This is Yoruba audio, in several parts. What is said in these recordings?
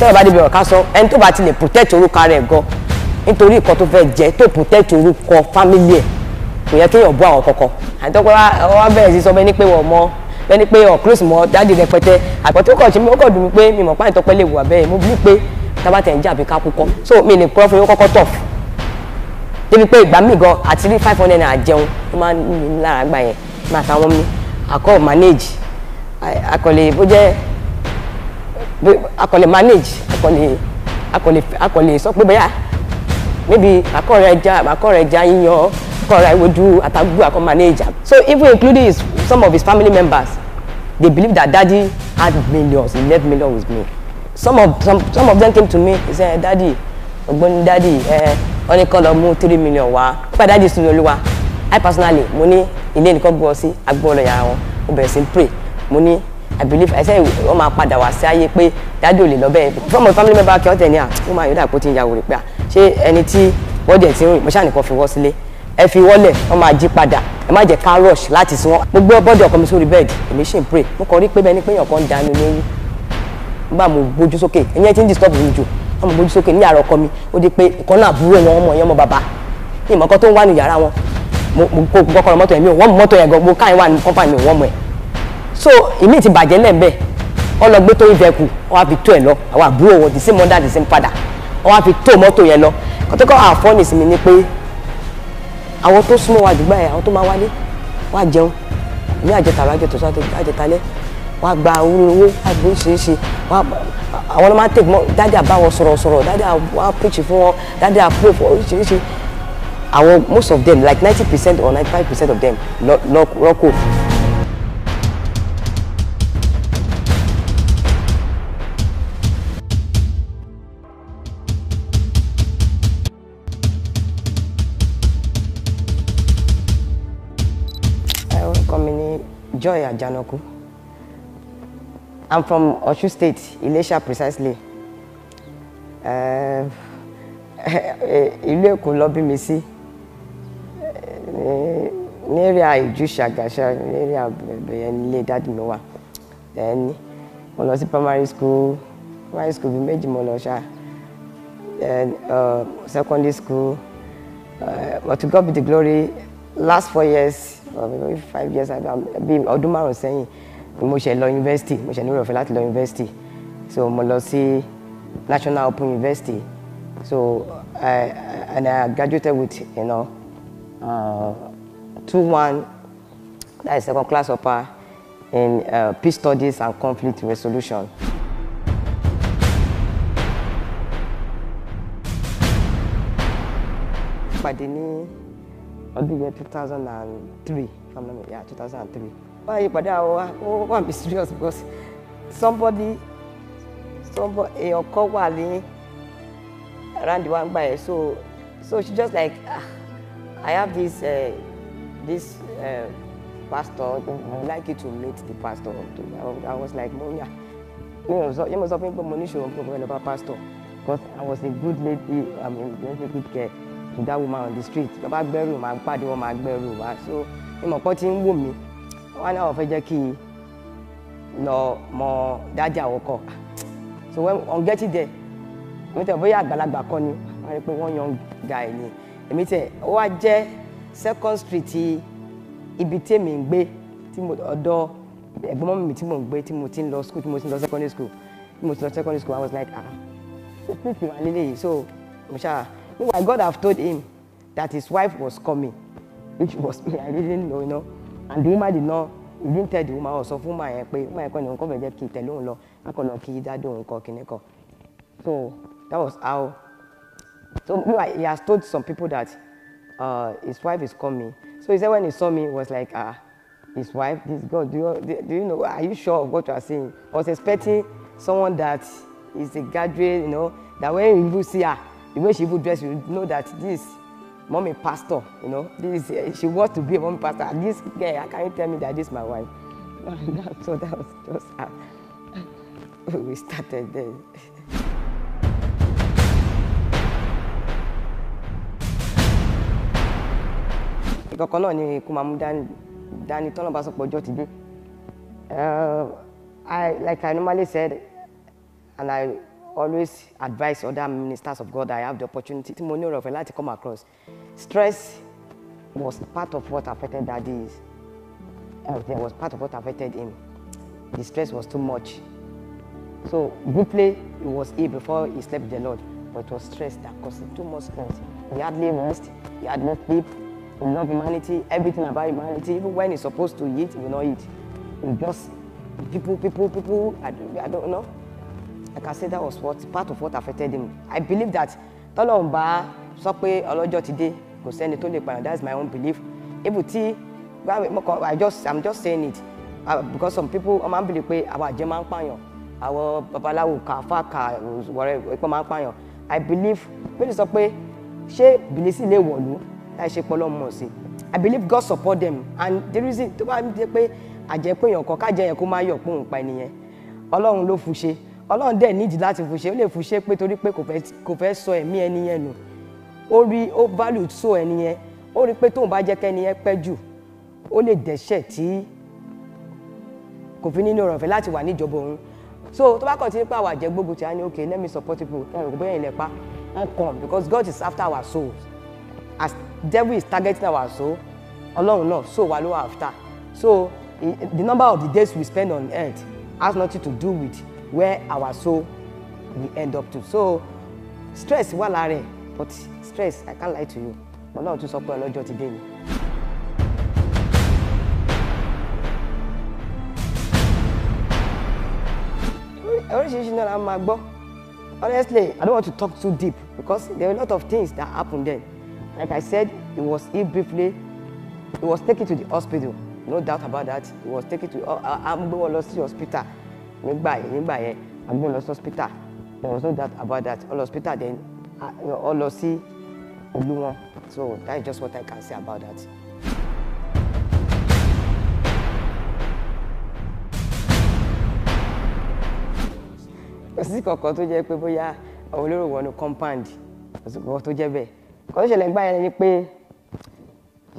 tẹ́lẹ̀ bá débi ọ̀ká sọ ẹni tó bá ti lè protect orúkọ rẹ̀ gan nítorí nǹkan tó fẹ́ jẹ́ tó protect orúkọ family ẹ̀ kò yẹ kéèyàn bú àwọn kọ̀ọ̀kan àti tọ́pẹ́ wá bẹ̀rẹ̀ sí sọ bẹ́ẹ̀ ni pé wọ́n mọ́ bẹ́ẹ̀ ni pé ọ̀ close mọ́ dáàdì rẹpẹtẹ àpẹtẹ kọ̀ ṣe mi ó kọ̀ dùn mí pé mi mọ̀ páyìn tọ́pẹ́ lè wà bẹ́ẹ̀ mo bí pé tábàtẹ̀ ń jà bí kákú kọ́ so mi lè kọ́ fún yín kọ́kọ́ tọ̀ débi pé ìgbà míì gan àti rí five hundred naira jẹun ó máa ń ní lára gbà yẹn máa táwọn mi àkọ́ manage àkọlé bó jẹ́ akọ̀lẹ̀ manage akọ̀lẹ̀ akọ̀lẹ̀ akọ̀lẹ̀ sọ pé bẹ́yà maybe akọ̀rẹ̀ ẹja akọ̀rẹ̀ ẹja yíyan akọ̀rẹ̀ ìwojú àtàgbù akọ̀ manage so even including his, some of his family members they believe that daddy had millions he left millions with me some of some some of them came to me he said daddy ọ̀gbẹ́ni daddy ẹ eh, wọ́n ní kọ́ three million wá pẹ́ daddy sunu olúwa i personally mo ní ilé nìkan gbọ́ sí agbóhùn lọ́yà wọn mo bẹ̀rẹ̀ sí pray mo ní i believe ẹ sẹ́ wọ́n máa padà wá sí ayé pé dájú ò lè lọ from my family member kí ọ́ tẹ̀ ní ah, à ó máa yọ̀ dà pé ó ti ń yàwó rè pé à ah, ṣé ẹni tí bọ́dì ẹ̀ ti ń rìn mo ṣàníkan fi wọ́ sílé ẹ fi wọ́lẹ̀ wọ́n máa jí padà ẹ má jẹ́ ká rush láti sún wọn. mo gbé bọ́dì ọkọ mi sórí bẹ́ẹ̀dì èmi ṣì ń pray mo kàn rí pé bẹ́ẹ̀ ni pé èèyàn kan ń da mi lóyún nígbà mo gbójú sókè ẹ̀yìn ẹ ti ń disturb mi jù wọ́n mo gbójú sókè ní yàrá ọkọ mi ó di pé ìkan náà àbúrò wọn ọmọ yẹn ọmọ bàbá ìmọ̀kan tó ń wà ní yàrá wọn mo kó kọ́kọ́rọ́ mọ́tò yẹn mi ò wọ́n mọ́tò yẹn gan mo káyìn wà ní kọ́mpà mi ò wọ́n mọ̀ ẹ̀ so èmi ti bàjẹ́ lẹ́ẹ̀mbẹ́ ọlọgbẹ́ tó ń vẹ́kù wọ́n á fi tó ẹ̀ lọ àwọn àbúrò wọn the same mother the same father wọ́n á fi tó mọ́tò yẹn lọ kọ́tẹ́kọ́ àfọ́nì sí mi ni pé àwọn tó súnmọ́ wa dùgbà yẹn àwọn tó máa wálé wá jẹun ní àjẹtàrà àjẹtòsó àjẹtàlẹ́ wá gba owó àgbo oríṣiríṣi àwọn ọmọ máa ń tèmọ́ dáadé àbá wọn sọ̀rọ̀ sọ̀rọ̀ dáadé àwa preach fún wọn dáadé àpò fún oríṣiríṣi àwọn most of them like ninety percent or ninety five percent of them lọ́kọ̀. Ajanaku. I'm from Osun State, Ilesha precisely. Ìlú eh, Èkó ló bí mi sí. Eh, ní area Ìjú Ṣàgàṣà, ní area bẹ̀yẹn nílé dáàdì mi wà. Then mo lọ sí primary school, primary school bíi méjì mo lọ ṣá. Then uh, secondary school, uh, but to God be the glory, last four years five years ago bí ọdún márùn sẹ́yìn ni mo ṣe lọ yunifásitì mo ṣe ní ìrọ̀fẹ́ láti lọ yunifásitì so mo lọ sí National Open University so I, and I graduated with you know uh, two one that is second class upper in uh, peace studies and conflict resolution. pàdé ní ọdún yẹn two thousand from now yeah 2003. thousand and three wọ́n wa ó wà mí serious because somebody somebody èèyàn eh, kan wà ní around the one by. yẹn so so she just like ah I have this uh, this uh, pastor would like you to meet the pastor to I was like mo yà yẹn mo sọ fún mi pé mo ní ìṣòro pé mo fẹ́ pastor because I was a good lady I mean very good care to that woman on the street bàbá gbẹ́rù máa pàdé wọn máa gbẹ́rù wá so ìmọ̀pọ̀ ti ń wò mí wọn náà fẹ́ jẹ́ kí n lọ mọ dájà ọkọ so when on getting there èmi tẹ̀ bóyá àgbàlagbà kọ́ ni wọ́n rí pé wọ́n yan guy ni èmi tẹ̀ ó wá jẹ́ second street ibi tèmi ń gbé tí mo ọ̀dọ̀ ẹ̀gbọ́n mọ́mí mi tí mo ń gbé tí mo ti ń lọ school tí mo ti ń lọ secondary school tí mo ti lọ secondary school I was like ah street wa lélẹ́yìí so mo ṣáà Oh meanwhile, God have told him that his wife was coming, which was me. I didn't know, you know. And the woman did not, he didn't tell the woman also, oh, fún máa yẹn pé máa yẹn kọ́ ni òun kọ́ bẹ̀ jẹ́ kí n tẹ̀lé òun lọ, akọ̀ lọ kí dáadé òun kọ́ kíní kọ́. So that was how. So meanwhile, he has told some people that uh, his wife is coming. So he said when he saw me, he was like, ah, his wife, this girl, do you, do you know, are you sure of what you are saying? I was expecting someone that is a graduate, you know, that when you see her, the way she even dress you know that this mommy pastor you know this uh, she wants to be a mommy pastor and this girl how can you tell me that this my wife so that was just how we started then. ìkọ̀kọ̀ náà ni kò máa mú dání dání tọ́nà bá sọ pé ọjọ́ ti dé uh, like I normally said and I always advise other ministers of God I have the opportunity tí mo ní ọ̀rọ̀ ọ̀fẹ́ láti come across stress was part of what affected daddy's health uh, was part of what affected him the stress was too much so good he was ill before he slept with the Lord but it was stress that caused him too much stress he hardly rest he had no sleep he loved humanity everything about humanity even when he's supposed to eat he will not eat he just people people people I, I don't know I can say that was what part of what affected him. I believe that tọ́lọ́run bá sọ pé ọlọ́jọ́ ti dé kò sẹ́ni tó lè pààyàn that is my own belief. Ibu tí I just I'm just saying it uh, because some people wọ́n máa ń believe pé àwọn àjẹ́ máa ń pààyàn àwọn babaláwo kà fà kà wọ̀rẹ́ ìpọ́n máa ń pààyàn. I believe bẹ́ẹ̀ sọ pé ṣé bìlísì lè wọ̀lú láì ṣe pọ́ lọ́mọ sí i believe God support them and the reason tó bá ń jẹ́ pé àjẹpéyàn kan kájẹyàn kó má yọ̀ pé òun pa ẹnìyẹn Ọlọ́run ló fún ṣe ọlọ́run dẹ̀ nídìí láti fòṣe ó lè fòṣe pé torí pé kò fẹ́ sọ ẹ̀mí ẹni yẹn nù ó rí ó value so ẹni yẹn ó rí pé tóun bá jẹ́ kẹ́ni yẹn pẹ́ jù ó lè dẹ́ṣẹ̀ tí kò fi nínú ọ̀rọ̀ fẹ́ láti wà níjọba òun so tó bá kàn ti nípa àwọn àjẹgbógun tí a ní okay let me support people ẹ rò bóyá ilẹ̀ pa wọ́n kàn because God is after our soul as devil is targeting our soul ọlọ́run náà soul wa ló wà after so the number of the days we spend on earth has nothing to do with where our soul will end up to so stress wà lára ẹ̀ but stress i can't lie to you ọlọ́run tún sọ pé ọlọ́jọ́ ti dé ni. oríṣiríṣi náà la máa gbọ́ honestly i don't want to talk too deep because there were a lot of things that happened then like i said it was he briefly he was taken to the hospital no doubt about that he was taken to amgbowolo uh, uh, hospital nígbà yẹn nígbà yẹn agbóhùn lọ sí hospital there was no doubt about that all hospital then all lọ sí olú wọn so that is just what I can say about that. kò sí kankan tó jẹ́ pé bóyá àwọn olóró wọnú compound kò sí kankan tó jẹ́ bẹ́ẹ̀ kò tó ṣẹlẹ̀ gbá yẹn ni pé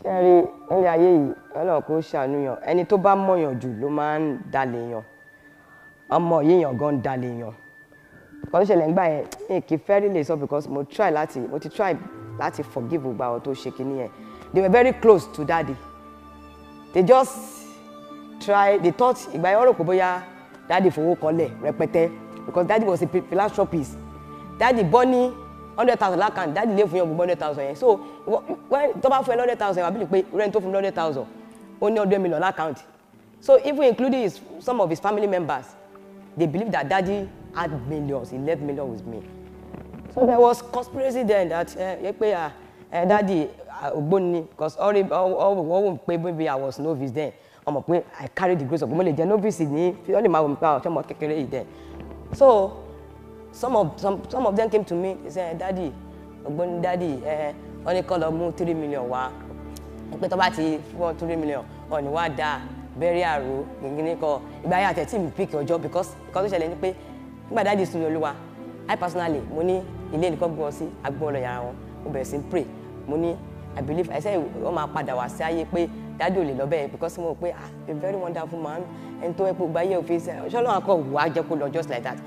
ṣe rí nílé ayé yìí ọlọ́run kò ṣàánú yàn ẹni tó bá mọ̀yàn jù ló máa ń dalẹ̀ yàn ọmọ yíyan gan dalè yan kan tó ṣẹlẹ̀ nígbà yẹn mi kì í fẹ́rí lè sọ because mo try láti mo ti try láti forgive gbogbo àwọn tó ṣe kinní yẹn they were very close to daddy they just try they thought ìgbà yẹn wọ́n rò pé bóyá daddy fowó kọlẹ̀ rẹpẹtẹ because daddy was a philanthropist daddy bọ́ ní hundred thousand lákàn Daddy lè fún yàn gbogbo hundred thousand yẹn so tó bá fún ẹ hundred thousand wàá bí pé rent tó fún hundred thousand ó ní hundred million lákàntì so even including his, some of his family members They believed that daddy had millions. He left millions with me. So hmm. there was conspiracy then that uh, uh, uh, daddy ah, Ogboni uh, because all the all the maybe I was novice then. ọmọ pé I carry the grace of Omole. lè jẹ novice ní fiọ́lì máa wò mí pé àwọn ah, ọ̀ṣọ́mọ kékeré then. So some of some some of them came to me they say eh, daddy Ogboni daddy ẹ eh, wọ́n ní kọ́ lọ mú three million wá pé tó bá ti fún three million ọ̀nì wá da? bẹ́rí àrò gbìngínní kọ ìgbà ayé àtẹ̀tí mi píkì ọjọ́ because nǹkan tó ṣẹlẹ̀ ni pé nígbà dáàdi sùn ní olúwa i personally mo ní ilé nìkan gbé wọn sí agbóhùn lọ́yà wọn mo bẹ̀rẹ̀ sí pray mo ní i believe ẹsẹ̀ wọ́n máa padà wá sí ayé pé dáàdi ò lè lọ bẹ́ẹ̀ because mo rò pé ah a very wonderful man ẹni tó ẹ̀pọ̀ gbáyé òfin ṣe ṣọlá akọ wà á jẹ́ kó lọ just like that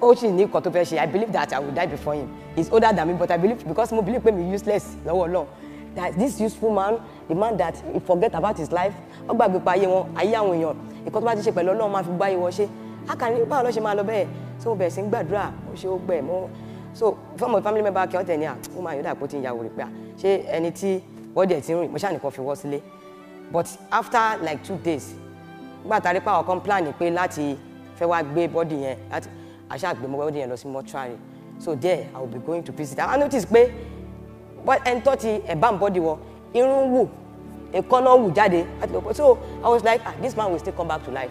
ó sì ní nǹkan tó fẹ́ ṣe i believe that i will die before him he is older than me but i believe because mo believe pé mi useless lọ́wọ́ Ọlọ́run that this useful man the man that he forget about his life wọ́n gbàgbé pa ayé wọn ayé àwọn èèyàn ìkọ́ tó bá ti ṣe pẹ̀lú ọlọ́run máa fi gbá ayé wọn ṣe akàní báwo ló ṣe máa lọ bẹ́ẹ̀ so bẹ̀rẹ̀ sí ń gbàdúrà ó ṣe ó gbẹ̀ mọ́ so fọ́ọ̀mù family member kí wọ́n tẹ̀ ní ah, à ó máa yọ̀dà pé ó ti ń yàwó rè pé à ah, ṣé ẹni tí wọ́n dẹ̀ ti ń rìn mo ṣáà fi wọ́ sílé but after like two days nígbà tá a rí pàwọn kan plan pé láti fẹ́ wá gbé bọ́dì yẹn láti àṣà gbé bọ́dì yẹn lọ sí mortuary so there i will be going to visit i notice pé ẹni tó ti ẹ̀bá ń bọ́dì wọ irun wò èkánná wù jáde láti lọ pọ so i was like ah this man will still come back to life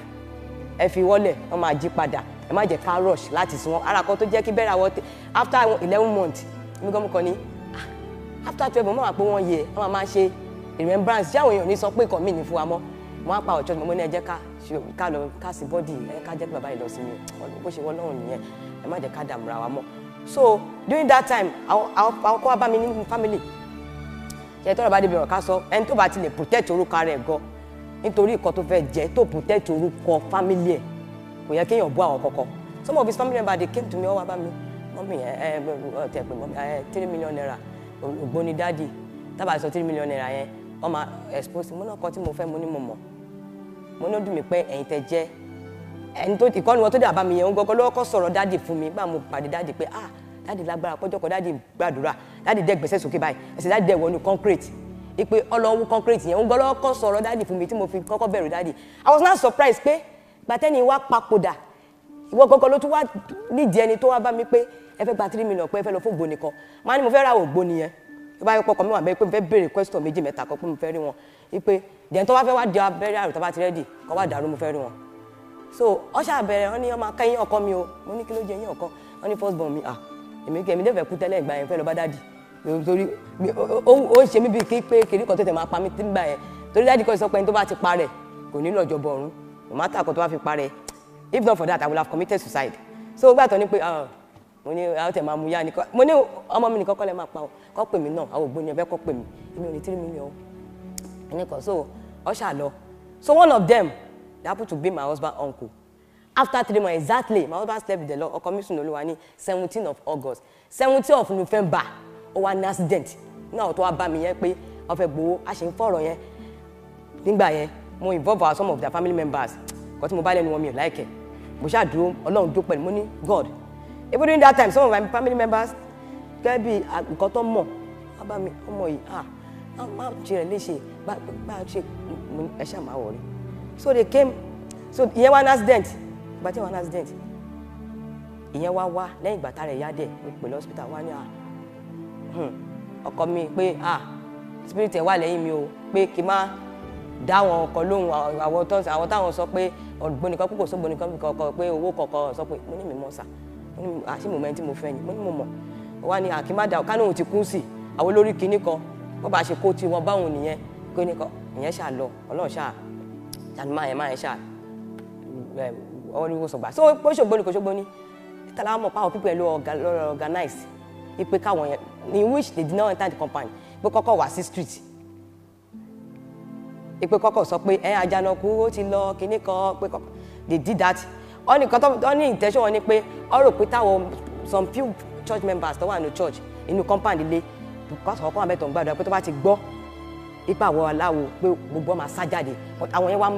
ẹ fi wọlé wọn máa jí padà ẹ má jẹ ká rush láti sun wọn ara kan tó jẹ́ kí bẹ́ẹ̀rẹ̀ àwọn after eleven months mi gan mo kàn ní ah, after twelve mo máa pé wọ́n yẹ wọ́n máa ṣe remembrance ṣé àwọn èèyàn ní sọ pé nǹkan mi ní fún wa mọ́ mo á pa ọ̀chọ́ mi mo ní ẹ jẹ́ ká lọ ká sí bọ́dì ẹ ká jẹ́ pé bàbá yìí lọ sí mi bó ṣe wọ́n lọ́hùn nìyẹn ẹ má jẹ́ ká dààmú ra wa mọ́ so during that time àwọn kọ́ wa bá mi ní family ṣe tọ́lọ̀ bá débi ọ̀rọ̀ ká sọ ẹni tó bá ti lè protect orúkọ rẹ̀ gan nítorí nǹkan tó fẹ́ jẹ́ tó protect orúkọ family ẹ̀ kò yẹ kéèyàn bú àwọn kọ̀ọ̀kan some of his family members they came to me ọwọ́ bá mi mọ́mí ẹ ẹ ẹ three million naira ògbóni dáàdì tábà sọ three million naira yẹn wọ́n máa expose mo náà kọ́ tí mo fẹ́ mo ní mo mọ̀ mo ní ó dùn mí pé ẹ̀yin tẹ jẹ́ ẹni tó ti kọ́ni wọn tó dé àbá mi yẹn ń gbọ́gbọ́ lọ́wọ́ kọ́ sọ̀rọ̀ dáàdì fún mi gbà mo pàdé dáàdì pé ah dáàdì lágbára pọ́jọ́kọ̀ dáàdì gbàdúrà dáàdì dẹ́ gbẹ̀sẹ̀ sókè báyìí ẹsẹ̀ dáàdì dẹ́ wọnú concrete ipe ọlọ́wọ́ concrete yẹn ń gbọ́ lọ́wọ́ kan sọ̀rọ̀ dáàdì fún mi tí mo fi kọ́kọ́ bẹ̀rù dáàdì I was not surprised pé gbàtẹ́ni wa papòdà ìwọ kankan ló tún wá nídìí ẹni tó wá bá mi pé ẹ fẹ́ gba three million pé ẹ fẹ́ lọ fún ògbóni kan máa ní mo fẹ́ ra ògbóni yẹn tó bá yẹ pọkàn mi wà bẹ́ẹ̀ pé mo fẹ́ béèrè question méjì mẹ́ta kan pé mo fẹ́ rí wọn wípé dẹ̀ tó bá fẹ́ wá di abẹ́rẹ́ àrùn tó bá ti rẹ́dì kọ́ wá dàrú mo fẹ́ rí wọn. so ọṣà bẹ̀rẹ̀ wọn ni ọmọ akẹ́yìn ọkọ mi o mo ní kí ló jẹ yín ọkọ wọn ní first born mi ah èmi kẹ́mi dẹ́fẹ̀ẹ́ kú tẹ́lẹ̀ ìgbà yẹn fẹ́ lọ bá dádì torí ó ṣe mí bíi kí pé kiri kan tètè máa pa mí nígbà yẹn torí dájú kan sọ pé tó bá ti parẹ́ kò nílò ọjọ́bọ ọ̀run no matter kan tó bá fi parẹ́ if not for that I would have committed suicide so gbà tó ní pé ah, mo ní àwọn tẹ̀ máa mu yá nìkan mo ní ọmọ mi nìkan kọ́ lẹ́ máa pa ọ kọ́ pè mí náà àwọn ògbóni ẹ̀fẹ́ kọ́ pè mí èmi ò ní three million nìkan so ọ ṣà lọ so one of them they happen to be my husband uncle after three months exactly my husband slept with the law ọkọ mi sùn lóluwa ní seventeen of August seventeen of November ó wá ní accident náà tó wá bá mi yẹn pé wọ́n gbowó a ṣe ń fọ̀rọ̀ yẹn nígbà yẹn mo involve our some of their family members kọ́ tí mo bá lẹ́nu wọn mi ò láìkẹ́ mo ṣáà dúró ọlọ́run dúró pẹ̀lú mo ní God even during that time some of my family members gẹ́gẹ́ bí nǹkan tó mọ̀ wọ́n bá mi ọmọ yìí ah má ṣe rẹ̀ léṣe bá bá ṣe ẹ ṣáà máa wọ̀ rí so they came so ìyẹn wá ní accident ìgbà tí wọ́n ní accident ìyẹn wá wá lẹ́yìn ìgbà tá rẹ̀ yá dẹ̀ mo hospital lọ́sítà wá ní ah Hmm. ọkọ mi pé ah spirit ẹ̀ wà lẹ́yìn mi o pé kí n má dá àwọn ọkọ lóhùn àwọn táwọn sọ pé ọ̀gbọ́n nìkan kókò sógbó nìkan kọ̀ọ̀kan pé owó kọ̀ọ̀kan sọ pé mo ní mi mọ̀ sà mo ní àti mo mọ ẹni tí mo fẹ́ ni mo ní mo mọ̀ wá ní àkímádà kánú òun ti kú sí àwọn olórí kinní kan wọ́n bá ṣe kó tí wọ́n báwọn nìyẹn pé nìkan ìyẹn ṣáà lọ ọlọ́run ṣáà ṣànímá ẹ̀ máa ẹ̀ ṣáà ọwọ́ ní wọ́n sọ̀gbà so pé ṣògbóni kò ṣògbóni tàlámọ̀ pàwọn pípẹ́ ló organize ipe káwọn yẹn in which they did not enter the compound pé kọ́kọ́ wá sí street pé kọ́kọ́ sọ pé ẹ àjànàkú ó ti lọ kinní kan pé kọ́kọ́ they did that wọ́n ní kọ́tọ́ wọ́n ní intention wọn ni pé ọ rò pé táwọn some few church members tó wà ní church inú compound ilé because ọkọ àbẹ̀tọ̀ ń gbàdúrà pé tó bá ti gbọ́ ipa àwọ̀ aláwo pé gbogbo ọmọ asá jáde àwọn yẹn wá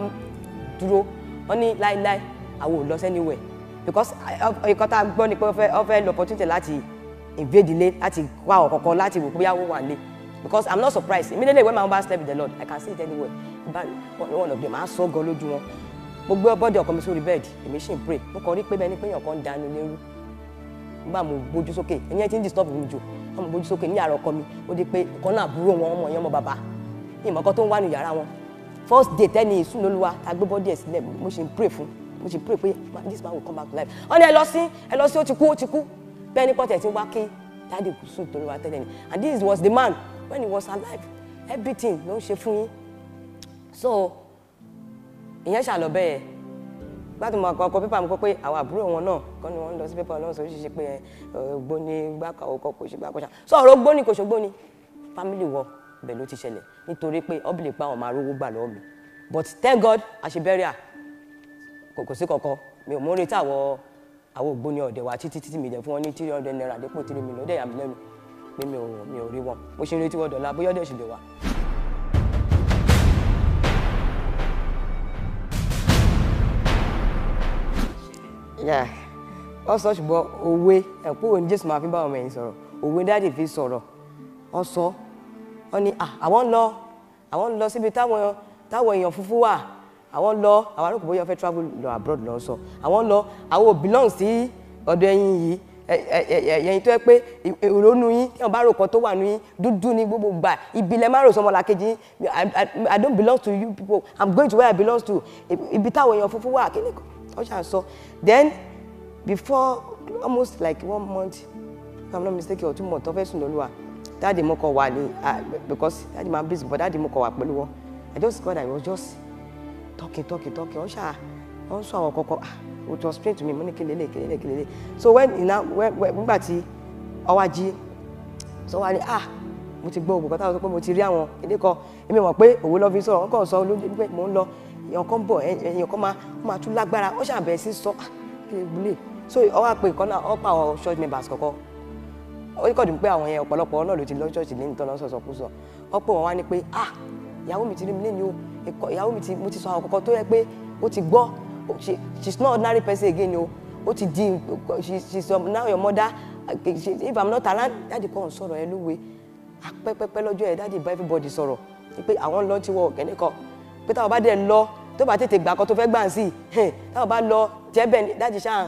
dúró wọ́n ní láéláé àwọn ò lọ sẹ́niwẹ̀ because ẹ̀kọ́ tá a gbọ́ ni pé ọ fẹ́ lọ opportunity láti invade ilé láti wá ọ̀rọ̀ kankan láti wò bóyá ó wà lé because i'm not surprised immediately when my husband slept with the lord i can see it anywhere one of them á sọ gan lójú wọn mo gbé bọ́dì ọkọ mi sórí bẹ́ẹ̀dì èmi ṣì ń pray mo kàn rí pé bẹ́ẹ̀ ni pé èèyàn kan ń dànù lérú nígbà mo gbójú sókè ẹni ẹ ti ń disturb mi jù wọn mo gbójú sókè ní yàrá ọkọ mi ó di pé kan náà àbúrò wọn ọmọ yẹn ọmọ bàbá ìmọ̀kan tó ń wà ní yàrá wọn first day tẹ́ni ìsúnlóluwa ta gbé bọ́dì ẹ̀ sílẹ̀ mo ṣì ń pray fún mo ṣì ń pray pé this man will come back to life wọ́n ní ẹ lọ sí ẹ lọ sí ó ti kú ó ti kú bẹ́ẹ̀ni pọ́tẹ̀ tí wá kí dáàdì kùsùn tó lọ́wọ́ tẹ́lẹ̀ ni and this was the man when he was alive everything ló ń ṣe fún yín so ìyẹn ṣàlọ bẹ́ẹ̀ gbádùn máa kọ pépà mi kọ pé àwọn àbúrò wọn náà kọ́ ni wọ́n ń lọ sí pépà náà sọ ṣíṣe pé gbóni gbáka òkọ kò ṣe gbá kọ́ṣà so ọ̀rọ̀ gbóni kò ṣe gbóni family wọ bẹ́ẹ̀ ló ti ṣẹlẹ̀ nítorí pé ọ́bìlì pa àwọn máa rówó gbà lọ́wọ́ mi but thank God àṣebẹ́rẹ́ à kò sí kọ̀ọ̀kan mi ò mú retí àwọn àwọn ògbóni ọ̀dẹ̀ wa títí títí mi jẹ́ fún wọn ní three hundred naira dípò three million ọdẹ yàmí lẹ́nu pé mi ò mi ò rí wọn mo ṣe ń retí wọn dọ̀la bóyá ọdẹ ṣì lè wà. ọ sọ ṣùgbọ́n òwe ẹ̀pọ̀ òní jésù máa fi bá ọmọ ẹ̀yìn sọ̀rọ̀ òwe dáàdì fi sọ̀rọ̀ ọ sọ ọ ni àwọn ń lọ àwọn ń lọ síbi táwọn èèyàn funfun wà àwọn lọ àwọn arókò bóyá fẹ́ travel lọ abroad lọ sọ àwọn lọ àwọn ò belong sí ọ̀dọ̀ ẹ̀yin yìí ẹ̀yin tó yẹ pé ìrònú yín tí wọ́n bá rò kan tó wà ní yín dúdú ní gbogbo gbà ibi lẹ má rò sọmọ làkejì yín I don't belong to you people I'm going to where I belong to ibi táwọn èèyàn funfun wà kí ni wọ́n ṣàn sọ then before almost like one month if I'm not mistaken or two months ọ̀fẹ́ sùn lọ́lùwà dáàdì mo kọ wà ní ah, because dáàdì máa busy but dáàdì mo kọ wà pẹ̀lú wọn I just God I was just talking talking talking Osha, ṣáà wọ́n sọ àwọn kọ̀ọ̀kan ah, ó to me money ní kí lélẹ̀ kí lélẹ̀ kí lélẹ̀ so when iná nígbà tí ọwọ́ ají sọ ah mo ti gbọ́ ògùn kọ́tà sọ pé mo ti rí àwọn ilé kan èmi mọ̀ pé òwe lọ́ fi sọ̀rọ̀ wọ́n kàn sọ lójú pé mò ń lọ èèyàn kan bọ̀ èèyàn kan máa tún lágbára wọ́n ṣàbẹ̀rẹ̀ sí sọ ah, kí lè gbúlẹ̀ so ọwọ́ àpè kan náà ọ̀pọ̀ àwọn church members kọ̀ọ̀kan ó kọ̀ dùn pé àwọn yẹn ọ̀pọ̀lọpọ̀ náà ló ti lọ church lẹ́yìn tó lọ́sọ̀ọ̀sọ̀ kú sọ ọ̀pọ̀ wọn wá ní pé ah ìyàwó mi ti rí mi lé ní o ìyàwó mi ti mo ti sọ àwọn kọ̀ọ̀kan tó yẹ pé ó ti gbọ́ she she's not ordinary person again o ó ti di she she's your, now your mother she, if i'm not around dáàdì kan sọ̀rọ̀ ẹ lówe apẹ́pẹ́pẹ́ lọ́jọ́ ẹ dáàdì bá everybody sọ̀rọ̀ pé àwọn lọ́ọ́ ti wọ ọ̀gẹ́ni kan pé táwọn bá dẹ̀ lọ tó bá tètè gbà kan tó fẹ́ gbà ń sí táwọn bá lọ jẹ́bẹ̀ dájú ṣáà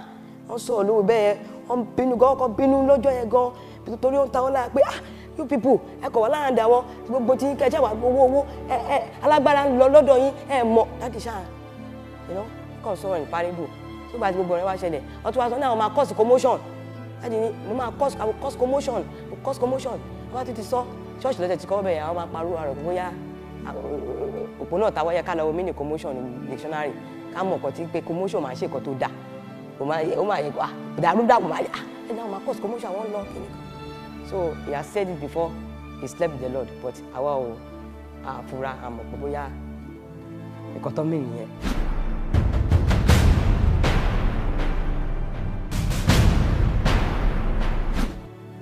wọ́n sọ olówó bẹ́ẹ̀ wọ́n bínú gan kan bínú lọ́jọ́ yẹn gan torí ó ń ta wọ́n lára pé ah you people ẹ kọ̀ wá láàndà wọn gbogbo tí kẹjẹ wà owó owó ẹ ẹ alágbára ń lọ lọ́dọ̀ yín ẹ mọ̀ láti ṣáà you know kàn sọ̀rọ̀ ní paribu tó bá ti gbogbo rẹ̀ wá ṣẹlẹ̀ ọtún wa sọ náà máa cause commotion láti ní mo máa cause I will cause commotion cause commotion wọ́n ti ti sọ ṣọ́ọ̀ṣì lọ́sẹ̀ ti kọ́ bẹ̀rẹ̀ àwọn máa parọ́ àrò bóyá òpó náà táwọ́ yẹ ká lọ́wọ́ mí commotion dictionary ká mọ̀ kàn tí pé commotion máa ṣe nǹkan tó dáa ó máa yẹ ó máa ah dàrú dàpọ̀ máa yẹ ah ẹ náà máa cause commotion àwọn lọ kìnìkan so he has said it before he slept with the Lord but àwa ò àfura àmọ̀ pé bóyá nǹkan tó nìyẹn.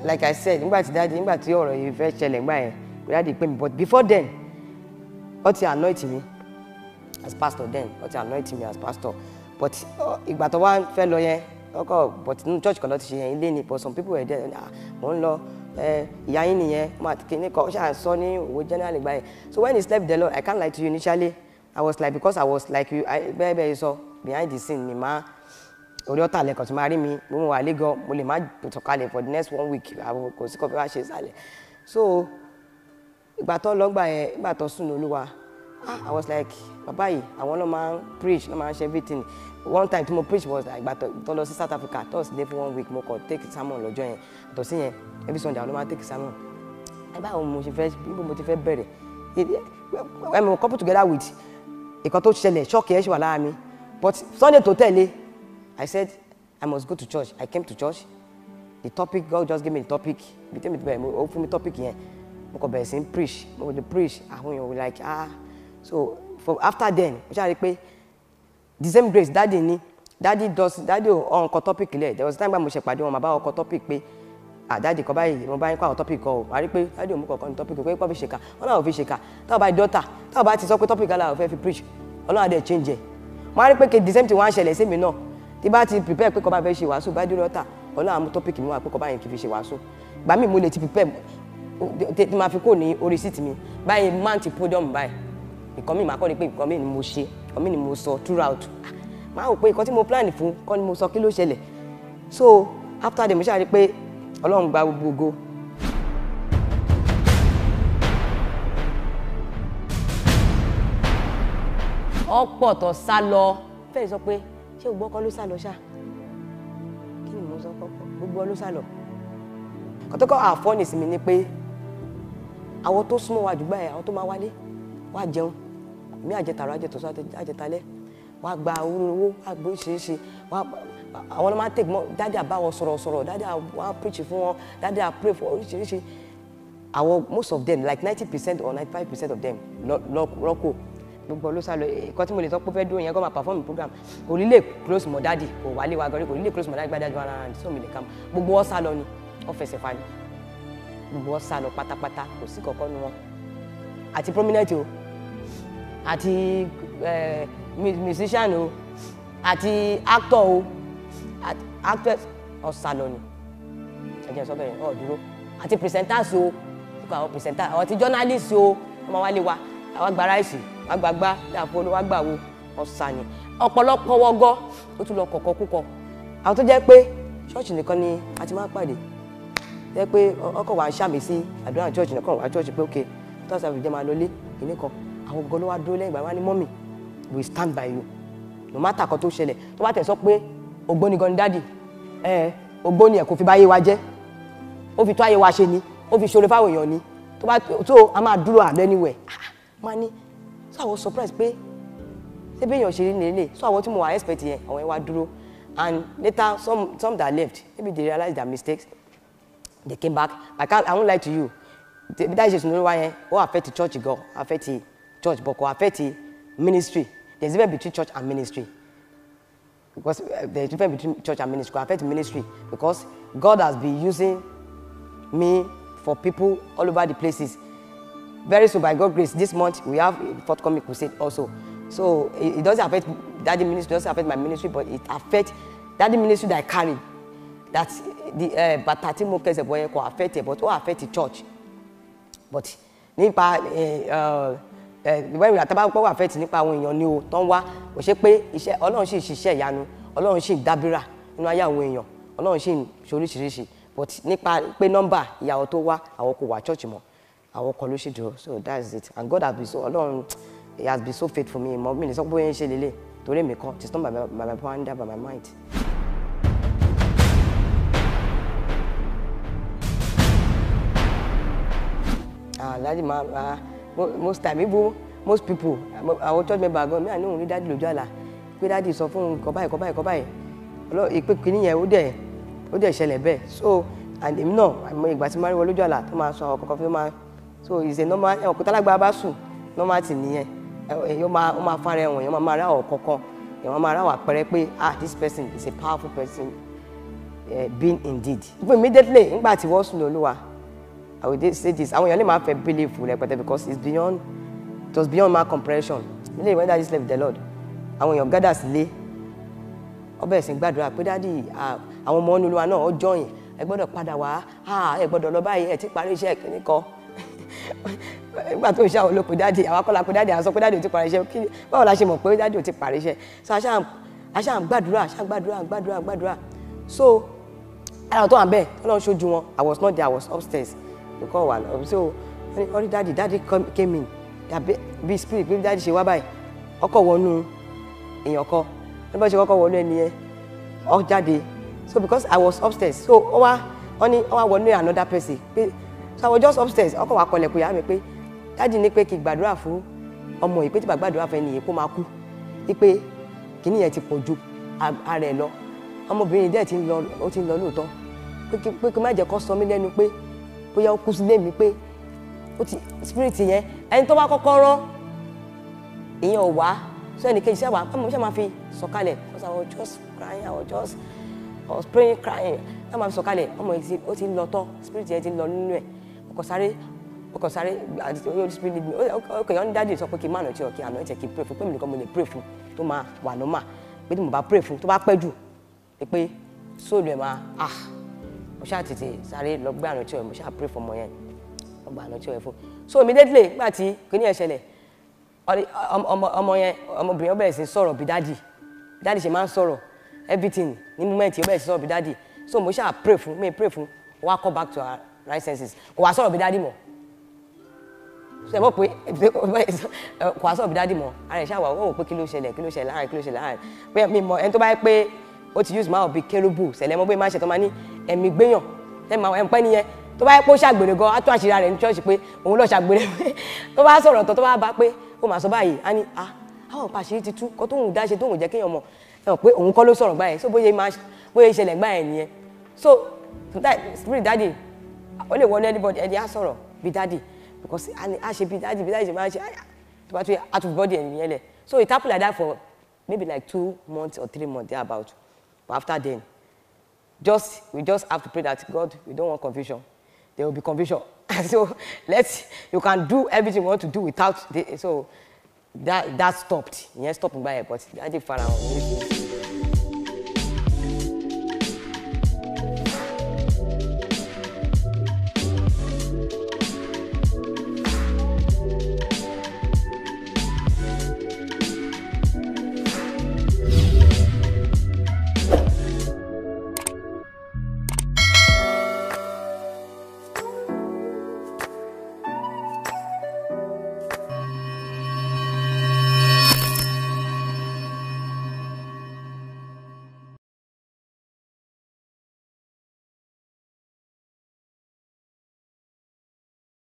like I said nígbà tí dáàdi nígbà tí ọ̀rọ̀ yìí fẹ́ ṣẹlẹ̀ nígbà yẹn kò dáàdi pè mí but before then ó ti anoint me as pastor then ó ti anoint me as pastor but ìgbà tó wá fẹ́ lọ yẹn ọkọ̀ but nínú church kan ló ti ṣe yẹn ilé ni but some people were there ah, mo ń lọ. Eh, ìyá yín nìyẹn máa kíní ṣáà sọ ní òwe generally gbà so when he slept there lord i can't lie to you initially i was like because i was like you bẹ́ẹ̀ bẹ́ẹ̀ sọ behind the scene ni máa orí ọ̀tà lẹ́kọ̀ọ́ tí máa rí mi mo wà lé gan mo lè má tọ̀kalẹ̀ for the next one week àwọn kò sí kọ́ fẹ́ wá ṣe ìsàlẹ̀ so ìgbà tó lọ́gbà yẹn ìgbà tó sùn ní I was like bàbá I want náà man preach no man ń everything one time tí mo preach was like but tó lọ sí South Africa thursday for one week mo kàn take sermon lọ́jọ́ join. àtọ̀ sí yẹn every Sunday àwọn náà máa take sermon ẹ báwo mo ṣe fẹ́ bí mo ti fẹ́ bẹ̀rẹ̀ ẹ couple together with ìkan got ṣẹlẹ̀ ṣọ́ọ̀kì ẹ̀ ṣì wà lára me. but Sunday tó tẹ̀lé I said I must go to church I came to church the topic God just gave me the topic bí tẹ́mi ti bẹ̀rẹ̀ mo fún mi topic here. mo kàn bẹ̀rẹ̀ sí preach mo dey preach àwọn èèyàn were like ah so for after then mo ṣáà rí i the same grace dáàdì ní dáàdì does dáàdì ọ̀hún kọ topic lẹ̀ there was a time gba mo ṣe pàdé wọn màá bá wọn kọ topic pé àdáàdì kan báyìí mo bá ń kọ àwọn topic kan o màá rí i pé dáàdì òun kọ̀ọ̀kan ní topic pé kọ́ fi ṣèkà wọn làwọn fi ṣèkà táwọn bá di dọ́tà táwọn bá ti sọ pé topic aláwọ̀ fẹ́ fi preach ọlọ́run adé change ẹ̀ màá rí i pé ke the same thing wá ń ṣẹlẹ̀ sí mi náà tí bá ti prepare pé kọ́ bá fẹ́ ṣe wàásù bá di dọ́tà ọlọ́run àmú topic mi wà pé kọ́ bá yẹn kì í fi ṣe wàásù gbàmí mo lè ti prepare tí máa fi kó ní orí síìtì mi báyìí máa ti podium báyìí nǹkan mi màá kọ́ ni pé nǹkan mi ni mo ṣe nǹkan mi ni mo sọ throughout màá wò pé nǹkan tí mo plan fún kọ́ ni mo sọ kí ló ṣẹlẹ̀ so after the mission ṣáà rí pé ọlọ́run gba gbogbo ògo ọ̀pọ̀ tó sá lọ fẹ́ẹ́ sọ pé ṣé gbogbo ọkọ ló sá lọ ṣá kí ni mo sọ pọ̀ gbogbo ló sá lọ. kọ́tọ́kọ́ àfọ́nìsí mi ni pé àwọn tó súnmọ́ wa jù báyìí àwọn tó máa wálé wá jẹun èmi àjẹtàrọ àjẹtọ̀sọ́ àjẹtalẹ́ wá gba owó wá gbé oríṣiríṣi wá àwọn máa ń tègbè mọ́ dáadé àbá wọn sọ̀rọ̀ sọ̀rọ̀ dáadé wá preach fún wọn dáadé à pray for oríṣiríṣi àwọn most of them like ninety percent or ninety five percent of them lọ́kọ̀ gbogbo ló sá lọ ẹ̀kọ́ tí mo lè sọ pé fẹ́ dúró yẹn kọ́ máa perform program kò ní lè close mọ́ dáàdì kò wálé wa gọ́rí kò ní lè close mọ́ dáàdì gbádájú ara rẹ̀ sómi lè kà mọ́ gbogbo wọn sá lọ ni wọn fẹsẹ̀ fa ni gbogbo wọn sá lọ pátápátá kò sí kọ̀ọ̀kan nu wọn àti prominent o àti musician o àti actor o actress ọ̀sàlọ̀ ni ẹ̀jẹ̀ sọ bẹ́ẹ̀ ọ̀ dúró àti presenters o kó àwọn presenter àwọn ti journalist o ọmọ wa lè wa àwa gba ráìsì wa gba gbá dàpọ̀ wa gbà wo ọ̀sà ni ọ̀pọ̀lọpọ̀ wọgọ́ ó tún lọ kọ̀kọ́ púpọ̀ àwọn tó jẹ́ pé ṣọ́ọ̀ṣì nìkan ni a ti máa ń pàdé jẹ́ pé ọkọ̀ wa ń ṣàmì sí àdúrà church nìkan wà church pé ok tó àṣà fìdí máa lọlé ìníkan àwọn gan ló wá dúró lẹ́yìn ìgbà wọn ni mọ́mì we stand by you no matter kan tó ṣẹlẹ̀ tó bá tẹ̀ sọ pé ògbóni gan ni dáàdì ẹ ògbóni ẹ̀ kò fi bá ayé wa jẹ́ ó fi tó ayé wa ṣe ni ó fi ṣoore fáwọn èèyàn ni tó bá tó a máa dúró àlọ́ anywhere ah, máa ní sọ àwọn surprise pé ṣé bí èèyàn ṣe rí nílé sọ àwọn tí mo wà expect yẹn àwọn yẹn wá dúró and later some some that left maybe they realize their mistakes they came back i can't i won't lie to you bí dáìsẹ̀ sùn lórí wa yẹn ó affect the church gan affect the church but kò affect ministry there is difference between church and ministry because uh, eh, there is difference between church and ministry kò affect ministry because God has been using me for people all over the places very soon by God grace this month we have a forthcoming crusade also so it, it doesn't affect daddy ministry it doesn't affect my ministry but it affect daddy ministry that I carry that the uh, bàtà tí mo kẹsẹ̀ bọ̀ affect it but ó affect the church but nípa. Uh, uh, wẹ́rìlà tá a bá pẹ́ wà fẹ́ẹ̀tì nípa àwọn èèyàn ni o tán wá kò ṣe pé iṣẹ́ ọlọ́run sì ṣiṣẹ́ ìyanu ọlọ́run sì ń dábìrà nínú ayé àwọn èèyàn ọlọ́run sì ń ṣoríṣiríṣi but nípa pé nọ́mbà ìyàwó tó wá àwọn kò wá church mọ́ àwọn kan ló ṣì dúró so that's it and God has been so ọlọ́run he has been so faithful mi mọ mi ní sọ pé bóyá ń ṣe lélẹ̀ torí mi kọ́ it's not my, my power and my mind. Ah, aláàjì máa most time even most people àwọn church member gan mi àná òun rí dáàdì lójú àlá pé dáàdì sọ fún nǹkan báyìí nǹkan báyìí nǹkan báyìí ọlọ ìpè kìíní yẹn ó dẹ̀ ó dẹ̀ ṣẹlẹ̀ bẹ́ẹ̀ so and èmi náà àmọ́ ìgbà tí máa ń wọ lójú àlá tó máa sọ àwọn kankan fi máa so ìṣe normal ẹ̀ òkúta lágbára bá sùn normal tì nìyẹn èyàn máa ó máa fara ẹ̀wọ̀n èyàn máa ra ọ̀ kankan èyàn máa ra ọ̀ àpẹẹrẹ pé ah this person is a powerful person uh, being indeed. immediately nígbà tí wọ́n sùn lọ́lọ́wà I will say this I want àwọn èèyàn lè máa fẹ́ bílífù rẹpẹtẹ because it's beyond it was beyond my comprehension ilé when dájú slept left the Lord àwọn èèyàn gádà sílé ọbẹ̀ ẹ̀sìn gbàdúrà bad dáàdì àwọn ọmọ olúwa náà ó jọyìn ẹ gbọ́dọ̀ padà wá ẹ gbọ́dọ̀ lọ báyìí ẹ ti parí iṣẹ́ kìíní kọ nígbà tó ń ṣàwọn olóko dáàdì àwọn akọ́lá pé dáàdì àwọn sọ pé dáàdì ò ti parí iṣẹ́ báwo la ṣe mọ̀ pé dáàdì ò ti parí iṣẹ́ so aṣá ń gbàdúrà aṣá bad. gbàdúrà gbàdúrà gbàdúrà so ara tó wà bẹ́ẹ̀ ọlọ́run ṣojú wọn I was not there I was upstairs nǹkan wà lọ so ọrí dáàdì dáàdì came in dàbí bí spirit bí dáàdì ṣe wá báyìí ọkọ̀ wọnú èèyàn kan níbo ṣe kọ́kọ́ wọnú ẹni yẹn ó jáde so because I was upstairs so ó wá ó ní ó wá wọnú another person pé so I was just upstairs ọkọ̀ wa kọlẹ̀ kùyà mi pé dáàdì ní pé kí gbàdúrà fún ọmọ yìí pé tí bàbá gbàdúrà fún ẹni yìí kó máa kú wípé kíní yẹn ti pọ̀ ju ara ẹ̀ lọ ọmọbìnrin dẹ̀ ti ń lọ ó ti ń lọ lóòótọ́ pé kí má jẹ́ kó sọ mí lẹ́nu pé bóyá ó kú sílé mi pé ó ti spirit yẹn ẹni tó bá kọ́kọ́ rán èèyàn ò wá so ẹnì kejì sábà pẹ́ mo máa fi sọ̀kalẹ̀ because I was just crying I was just I was praying crying ẹ máa fi sọ̀kalẹ̀ ọmọ yìí ó ti ń lọ tán spirit yẹn ti ń lọ nínú ẹ̀ ọkọ̀ sáré ọkọ̀ sáré àti oyè olú mi ọkọ̀ yẹn dájú sọ pé kí n má nà tí ọkì àná ẹ̀ kí n pray fún pé mi nìkan mo lè pray fún tó máa wà normal pé tí mo bá pray fún tó bá pẹ́ jù pé sóòlù ẹ̀ máa ah mo ṣáà tètè sáré lọ gbé àrùn tí ọ̀ mo ṣáà pray for ọmọ yẹn mo gbà àrùn tí ọ̀ yẹn fún so immediately nígbà tí kíní ẹ̀ ṣẹlẹ̀ ọmọ yẹn ọmọbìnrin ó bẹ̀rẹ̀ sí sọ̀rọ̀ bí dáàdì dáàdì ṣe máa ń sọ̀rọ̀ everything ní moment ó bẹ̀rẹ̀ sí sọ̀rọ̀ bí dáàdì so mo ṣáà pray fún mi pray fún wa call back to our right senses kò wá sọ̀rọ̀ bí dáàdì mọ́ ṣe mọ̀ pé kò wá sọ̀rọ̀ bí dáàdì mọ́ ara ẹ̀ ṣáà wà wọ́n pé kí ló ṣẹlẹ̀ kí ló ṣẹlẹ̀ láàrin kí ló ṣẹlẹ̀ láàrin pé mi mọ ẹni tó bá yẹ pé ó ti use mouth bí kérúbù ṣẹlẹ̀ mọ́ pé má ṣe tó máa ní ẹ̀mí gbéyàn ẹ máa ẹ̀ ń pẹ́ nìyẹn tó bá yẹ kó ṣàgbèrè gan á tún àṣírí rẹ̀ ní ṣọ́ọ̀ṣì pé òun lọ ṣàgbèrè tó bá sọ̀rọ̀ tán tó bá bá pé ó máa sọ báyìí á ní ah, a àwọn pàṣírí ti tú kó tóun dá ṣe tóun jẹ́ kéèyàn mọ̀ ẹ̀ pé òun kọ́ ló sọ̀rọ̀ gbà yẹn so bóyá máa bóyá ìṣẹ̀lẹ̀ gbà yẹn nìyẹn so spirit daddy ó lè wọlé anybody ẹni á sọ̀rọ̀ bí daddy because a ṣe bí daddy bí daddy ṣe máa ṣe tó bá tún out of body ẹ̀ nìyẹn lẹ̀ so it happened like that for maybe like two months or three months there about but after then Just we just have to pray that God, we don't want confusion. There will be confusion. And so let's you can do everything you want to do without the, so that that stopped. Yes, stopping by but I did far out.